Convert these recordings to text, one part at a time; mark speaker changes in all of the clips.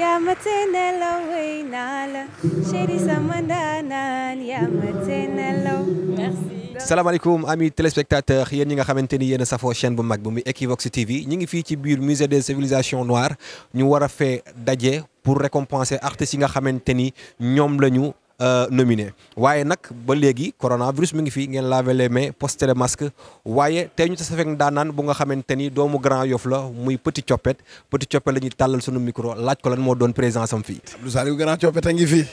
Speaker 1: yaa ma tee nelaw wey naa la chéri sama ndaanaan yaa
Speaker 2: ma tee nelaw merci
Speaker 3: salaamaaleykum téléspectateurs yéen ñi nga xamante ni yéen a safoo chaîne bu mag bi muy Equivox TV ñi ngi fii ci biir musée des civilisations noires ñu war a fee daje pour récompenser artistes yi nga xamante ni ñoom lañu Euh, nominé waaye nag ba léegi coronavirus mi ngi fi ngeen laver mais mains poster le masque waaye tey ñu tasa fekk daanaan bu nga xamante ni doomu Grand Yoff la muy Petit Coppet Petit Coppet la ñuy tàllal sunu micro laaj ko lan moo doon présence am fii. Abdou Saliou Grand Coppet a ngi fii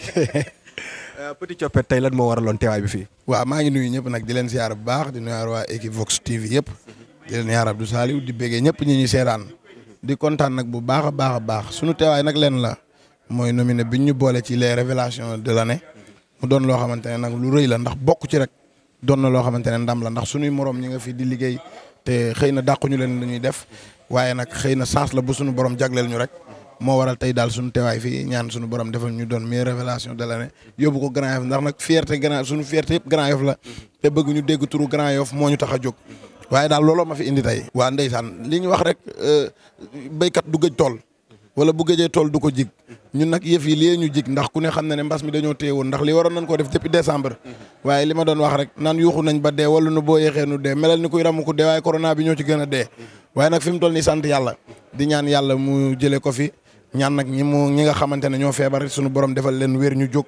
Speaker 3: euh, Petit Coppet tey lan moo waraloon teewaay bi fii. waa maa ngi nuyu ñëpp nag di leen ziar bu baax di nuyaar waa Equivox TV yëpp di leen yaar Abdou Saliou di béggee ñëpp ñi ñuy seeraan di kontaan nag bu baax a baax a baax sunu teewaay nag leen la mooy nominé bi ñu boole ci les révélations de l'année mu doon loo xamante ne nag lu rëy la ndax bokk ci rek doon na loo xamante ne ndam la ndax suñuy moroom ñi nga fi di liggéey te xëy na dàquñu leen lu ñuy def waaye nag xëy na chance la bu suñu borom jagleel ñu rek moo waral tey daal suñu teewaay fii ñaan suñu borom defal ñu doon meilleure révélation de l'année yóbbu ko Grand Yoff ndax nag fierté Grand suñu fierté yëpp Grand Yoff la te bëgguñu ñu dégg turu Grand Yoff moo ñu tax a jóg waaye daal looloo ma fi indi tey waa ndeysaan li ñu wax rek euh, béykat du gëj tool wala bu gëjee tool du ko jig ñun nag yëf yi lii ñu jig ndax ku ne xam na ne mbas mi dañoo téye woon ndax li waroon nañ ko def depuis décembre waaye li ma doon wax rek naan yuuxu nañ ba dee wala nu boo yeexee nu dee melal ni kuy ramu ko dee waaye corona bi ñoo ci a dee waaye nag fi mu toll nii sant yàlla di ñaan yàlla mu jëlee ko fi ñaan nag ñi mu ñi nga xamante ne ñoo feebar suñu borom defal leen wér ñu jóg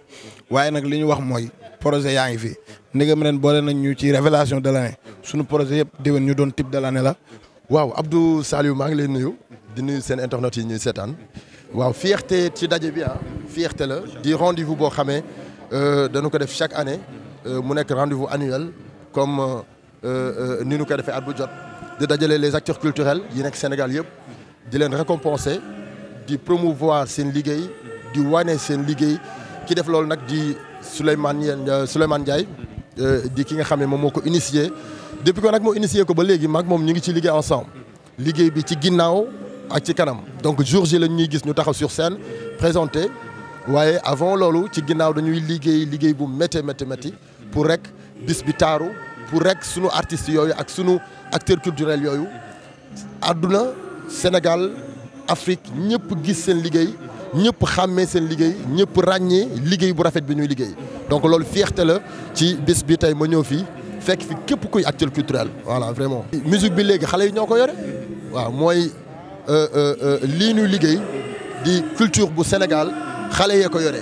Speaker 3: waaye nag li ñu wax mooy projet yaa ngi fi ndegam ren boole nañ ñu ci révélation de l'année suñu projet yëpp déwén ñu doon type de l'année la
Speaker 4: waaw Abdou Saliou maa ngi lay nuyu di nuyu seen internet yi ñuy seetaan waaw fiexte ci daje bi ah fiexte la di rendez boo xamee euh, dañu ko def chaque année euh, mu nekk rendez-vous annuel comme euh, ni ñu ko defee at bu jot di dajale les acteurs culturels yi nekk Sénégal yëpp di leen récompenser di promouvoir seen liggéey di wane seen liggéey ki def loolu nag di Souleymane Souleymane Ndiaye di ki nga xam ne moom moo ko initié depuis ko nag moo initié ko ba léegi maag moom ñu ngi ci liggéey ensemble liggéey bi ci ginnaaw ak ci kanam donc jour J la ñuy gis ñu taxaw sur scène présenté waaye avant loolu ci ginnaaw dañuy liggéey liggéey bu métti métti métti pour rek bis bi taaru pour rek sunu artistes yooyu ak sunu acteurs culturels yooyu àdduna Sénégal Afrique ñëpp gis seen liggéey ñëpp xàmmee seen liggéey ñëpp ràññee liggéey bu rafet bi ñuy liggéey donc loolu feexte la ci bis bi tey ma ñëw fii fekk fi képp kuy acteur culturel voilà vraiment. musique bi léegi xale yi ñoo ko yore mooy. Euh, euh, euh, lii ñuy liggéey di culture bu Sénégal xale yee ko yore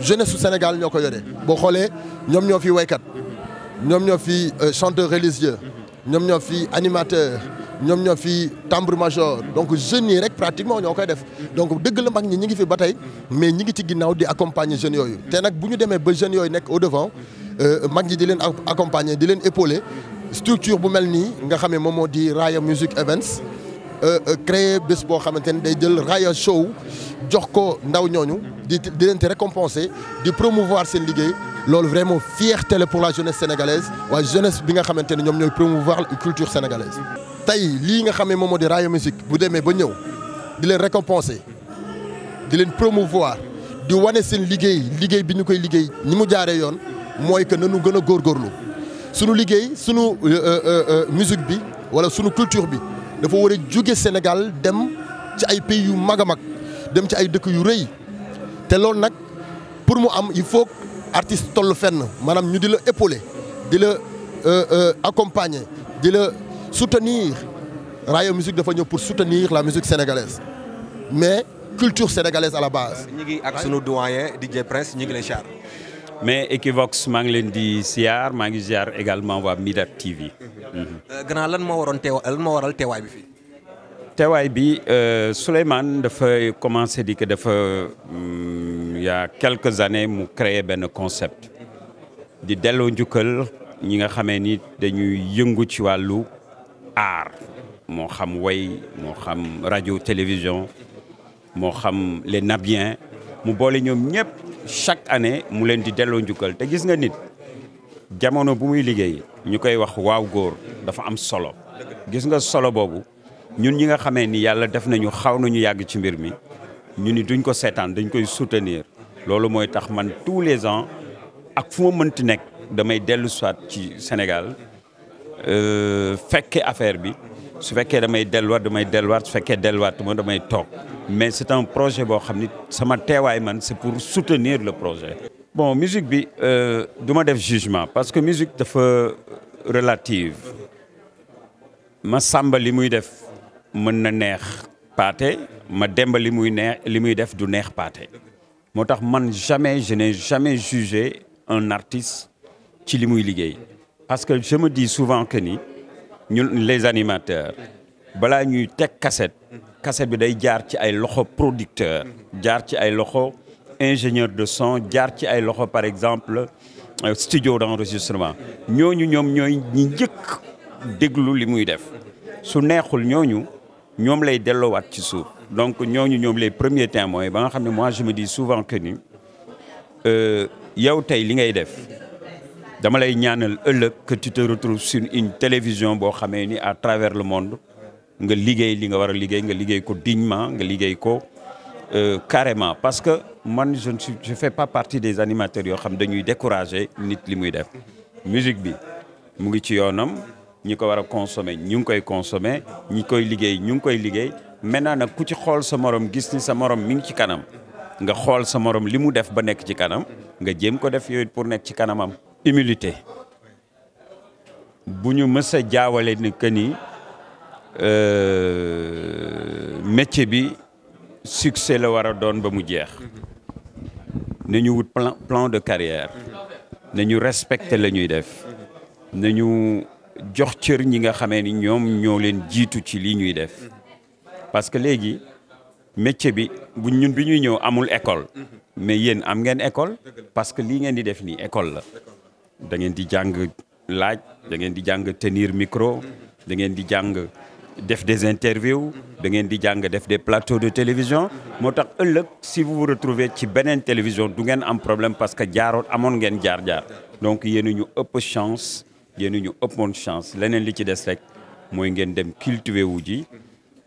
Speaker 4: jeunesse su Sénégal ñoo ko yore boo xoolee ñoom ñoo fi waykat ñoom ñoo fi chanteur religieux ñoom ñoo fi animateur ñoom ñoo fi tambour donc jeunes yi rek pratiquement ñoo koy def donc dëgg la mag ñi ñi ngi fi ba tey mais ñi ngi ci ginnaaw di accompagner jeunes yooyu te nag bu ñu demee ba jeune yooyu nekk au devant mag ñi di leen accompagner di leen épauler structure bu mel nii nga xam ne moom moo di Raaya Music Events Euh, euh, créer bés boo xamante ni day jël raaya show jox ko ndaw ñooñu di di leen di récompenser di promouvoir seen liggéey loolu vraiment fierté la pour la jeunesse sénégalaise waaye jeunesse bi nga xamante ne ñoom ñooy promouvoir culture sénégalaise. tey lii nga xam ne moom moo di raaya musique bu demee ba ñëw di leen récompenser di leen promouvoir di wane seen liggéey liggéey bi ñu koy liggéey ni mu jaaree yoon mooy que nanu gën a góorlu suñu liggéey suñu euh, musique bi wala sunu culture bi. dafa war jóge Sénégal dem ci ay pays yu mag a mag dem ci ay dëkk yu rëy te loolu nag pour mu am il faut artiste toll fenn maanaam ñu di la épauler di la euh, euh, accompagner di la soutenir Rayo Musique dafa ñëw pour soutenir la musique sénégalaise mais culture sénégalaise à la base.
Speaker 5: ñu ngi ak sunu doyen DJ Prince ñu ngi lay char mais Equivox maa ngi leen di ziar maa ngi ziar également waa Midat TV. Euh,
Speaker 3: gannaaw lan moo waroon teewa lan moo waral teewaay bi fii.
Speaker 5: teewaay bi euh, Souleymane dafa commencé di que dafa il hmm, a quelques années mu créer benn concept. di delloo njukkal ñi nga xamee ni dañuy yëngu ci wàllu aar moo xam way moo xam rajo télévision moo xam les nabiens mu boole ñoom ñëpp. chaque année mu leen di delloo njukkal te gis nga nit jamono bu muy liggéey ñu koy wax waaw góor dafa am solo gis nga solo boobu ñun ñi nga xamee ni yàlla def nañu xaw nañu yàgg ci mbir mi ñu ni duñ ko seetaan dañ koy soutenir loolu mooy tax man tous les ans ak fu ma mënti nekk damay dellu soit ci Sénégal euh, fekkee affaire bi su fekkee damay delluwaat damay delluwaat su fekkee delluwaat ma damay toog mais c'est un projet boo xam ni sama teewaay man c'est pour soutenir le projet. bon musique bi euh, du ma def jugement parce que musique dafa relative ma sàmba li muy def mën na neex paate ma demba li muy neex li muy def du neex paate moo tax man jamais je n'ai jamais jugé un artiste ci li muy liggéey parce que je me dis souvent que ni ñun les animateurs balaa ñuy teg cassette cassette bi day jaar ci ay loxo producteur jaar ci ay loxo ingénieur de son jaar ci ay loxo par exemple euh, studio d'enregistrement ñooñu ñoom ñooy ñi njëkk déglu li muy def su neexul ñooñu ñoom lay delloo delloowaat ci suuf donc ñooñu ñoom les premiers témoins ba nga xam ne moi je me dis souvent que ni euh, yow tey li ngay def dama lay ñaanal ëllëg que tu te une télévision boo xamee ni à travers le monde nga liggéey li nga war a liggéey nga liggéey ko dignement nga liggéey ko euh, carrément parce que man je ne suis je fais pas partie des animateurs yoo xam dañuy décourager nit li muy def musique bi mu ngi ci yoonam ñi ko war a consommer ñu ngi koy consommer ñi koy liggéey ñu ngi koy liggéey maintenant nag ku ci xool sa morom gis ni sa morom mi ngi ci kanam nga xool sa morom li mu def ba nekk ci kanam nga jëm ko def yooyu pour nekk ci kanamam humilité bu ñu mës a jaawale Euh, métier bi succès la war a doon ba mu jeex nañu wut plan plan de carrière nañu respecter la ñuy def nañu jox cër ñi nga xamee ni ñoom ñoo leen jiitu ci lii ñuy def parce que léegi métier bi bu ñun bi ñuy ñëw amul école mais yéen am ngeen école parce que lii ngeen di def nii école la da ngeen di jàng laaj da ngeen di jàng tenir micro da ngeen di jàng def des interviews da ngeen di jàng def des plateaux de télévision moo tax ëllëg si vous vous ci beneen télévision du ngeen am problème parce que jaaroon amoon ngeen jaar-jaar donc yéen ñu ëpp chance yéen ñu ëppoon chance leneen li ci des rek mooy ngeen dem cultiver wu ji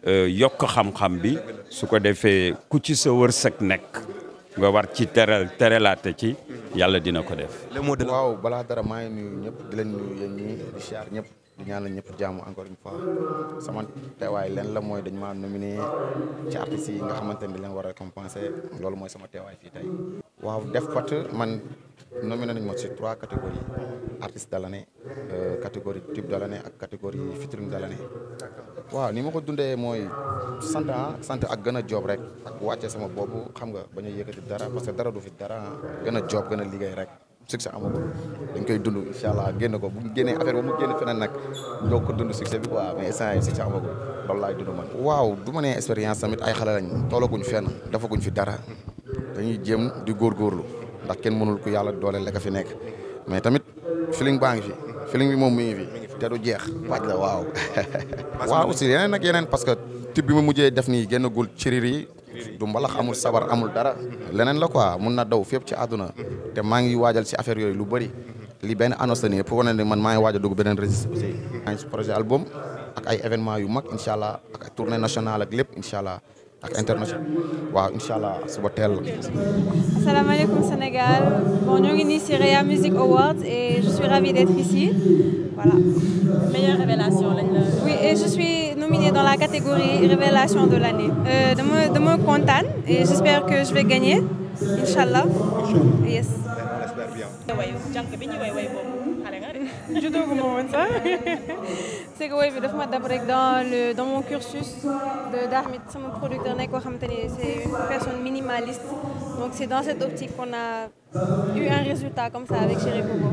Speaker 5: euh, yokk xam-xam bi su ko defee ku ci sa wërsëg nekk nga war ci teral teralaate ci yàlla dina ko def.
Speaker 2: waaw balaa dara maa ngi nuyu ñëpp. di ñaanal ñëpp jàmm encore une fois sama teewaay leen la mooy dañ maa nominé ci artistes yi nga xamante ni leen war a récompensé loolu mooy sama teewaay fii tey. waaw def pat man nominé nañ moo ci trois catégories artiste de l'année euh, catégorie tube de l'année ak catégorie vitrine de l'année waaw ni ma ko dundee mooy sant ah, sant ak gën a joob rek ak wàcce sama boobu xam nga bañ a yëkkati dara parce que dara du fi dara ah. gën a joob gën a liggéey rek. succès amagul dañ koy dund incha allah génn ko bu ñu génnee affaire ba mu génn feneen nag ñoo ko dund succès bi quoi mais instant yi succès amagul loolu laay dund man. waaw du ma nee expérience tamit ay xale lañ toolaguñ fenn defaguñ fi dara dañuy jéem di góorgóorlu ndax kenn mënul ku yàlla dooleel la fi nekk mais tamit feeling baa ngi fi feeling bi moom mi ngi fi. te du jeex waaj la waaw. waaw aussi yeneen ak yeneen parce que type bi ma mujjee def nii génnagul ciriri du mbalax amul sabar amul dara leneen la quoi mun na daw fépp ci àdduna te maa ngi waajal ci affaire yooyu lu bëri li benn annonce la nii pour wane ne man maa ngi waaj a dugg beneen album ak ay événement yu mag incha allah ak ay tournée nationale ak lépp incha allah ak international waaw incha allah suba teel la. Sénégal Music Awards et je suis ravie d'être ici voilà. révélation lañ la. oui nominé dans la catégorie révélation de l'année. Euh, dama dama kontaan et j'espère que je vais gagner inchallah. yes. jànk bi ñu way way boobu xale nga de. juddoo ko moom sax. c'est que way bi daf ma dab rek dans le dans mon cursus de d'Armit sama producteur nekk koo xamante ni c'est une personne minimaliste. Donc c'est dans cette optique qu'on a eu un résultat comme ça avec Chéri Bobo.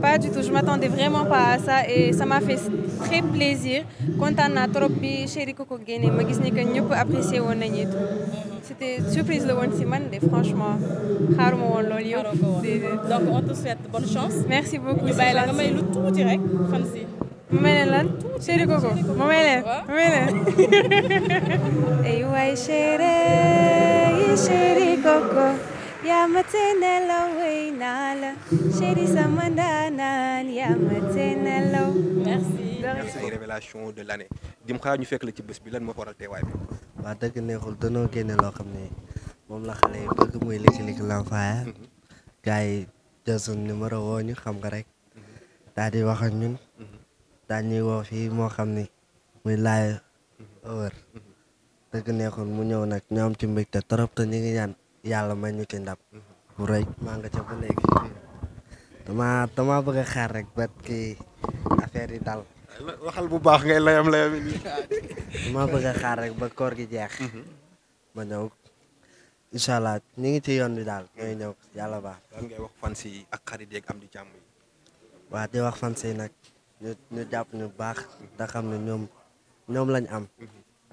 Speaker 2: pas du tout, je m'attendais vraiment pas à ça et ça m'a fait très plaisir. kontaan naa trop bi Chéri Coco génnee ma gis ni que ñëpp apprécié woon nañu tout. c'était surprise la woon si man de franchement xaaruma woon loolu donc on te souhaite chance. merci beaucoup ñu bàyyi la nga may lu tuuti rek fan si. ma may leen lan chéri
Speaker 1: koko ma yi chéri yaa ma tene law wey naa la chéri sama ndaanaan yaa ma tene law merci
Speaker 3: say révélation de l'année dim xaar ñu fekk la ci bés bi lan moo waral teewaay bi
Speaker 6: waa dëgg neexul danoo génne loo xam ne moom la xale yi bëgg muy Liki Liki Lamfaya gars yi jël suñu numéro xam nga rek mhm. daal di wax ñun daañ woo fii moo xam ni mu laay ëwër dëgg neexul mu ñëw nag ñoom ci mbégte trop te ñu ngi ñaan yàlla may ñu ci ndam bu rëy maa nga ca ba léegi dama dama bëgg a xaar rek ba kii affaire yi dal waxal bu baax ngay layam layam yi dama bëgg a xaar rek ba koor gi jeex ma ñëw incha allah ñu ngi ci yoon bi daal ñooy ñëw yàlla baax lan ngay wax fan si ak xarit
Speaker 3: yeeg am di jàmm yi
Speaker 6: waa di wax fan nag ñu ñu jàpp ñu bu baax da xam ne ñoom ñoom lañ am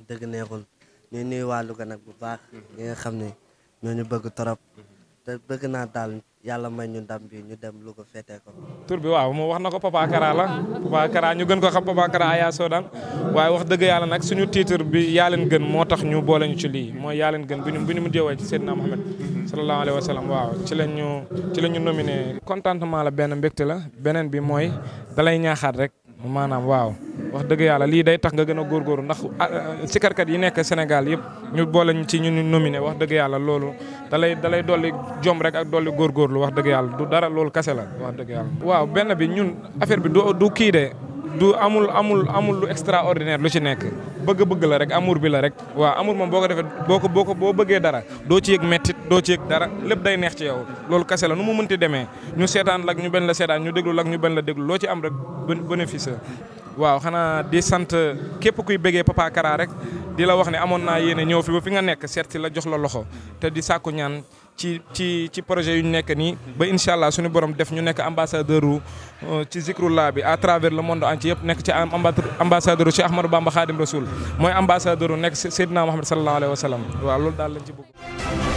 Speaker 6: dëgg neexul ñu nuy waa Louga nag bu baax mm-hmm. ñi nga xam ne ñoo ñu bëgg torop mm-hmm. te bëgg naa daal yàlla may ñu ndam bi ñu dem lu ko féetee
Speaker 1: ko. tur bi waaw moom wax na ko Papa la Papa Kara ñu gën ko xam Papa Kara soo Soodaan waaye wax dëgg yàlla nag suñu titre bi yaa leen gën moo tax ñu boole ñu ci lii mooy yaa leen gën bu ñu mu ñu mujjee ci Seydina Mohamed. sallallahu alayhi wa sallam waaw ci la ñu ci la ñu nominé. contentement la benn mbégte la beneen bi mooy dalay ñaaxaat rek maanaam waaw. wax dëgg yàlla lii day tax nga gën a góorgóorlu ndax ah, ah, sikarkat yi nekk Sénégal yëpp ñu boole ñu ci ñu nominé wax dëgg yàlla loolu da lay da dolli jom rek ak dolli lu wax dëgg yàlla du dara loolu kase la wax dëgg yàlla. waaw benn bi ñun affaire bi du du kii de du amul amul amul lu extraordinaire lu ci nekk bëgg-bëgg la rek amour bi la rek. waaw amour moom boo ko defee boo ko boo ko boo bëggee dara doo ci yëg mettit doo ci yëg dara lépp day neex ci yow loolu kase la nu mu mënti demee ñu seetaan lak ñu benn la seetaan ñu déglu lak ñu benn la déglu loo ci am rek bénéfice waaw xanaa di sant képp kuy bëggee Papa Kara rek di la wax ne amoon naa yéene ñëw fi ba fi nga nekk seet si la jox la loxo te di sàkku ñaan ci ci ci projet yu ñu nekk nii ba incha allah suñu borom def ñu nekk ambassadeur wu euh, ci Zikrullah bi à travers le monde yëpp nekk ci ambassadeur wu ci Ahmadou Bamba Khadim Rasoul mooy ambassadeur wu nekk Seydina Mohamed sallallahu alayhi wa sallam waaw loolu daal lañ ci bëgg.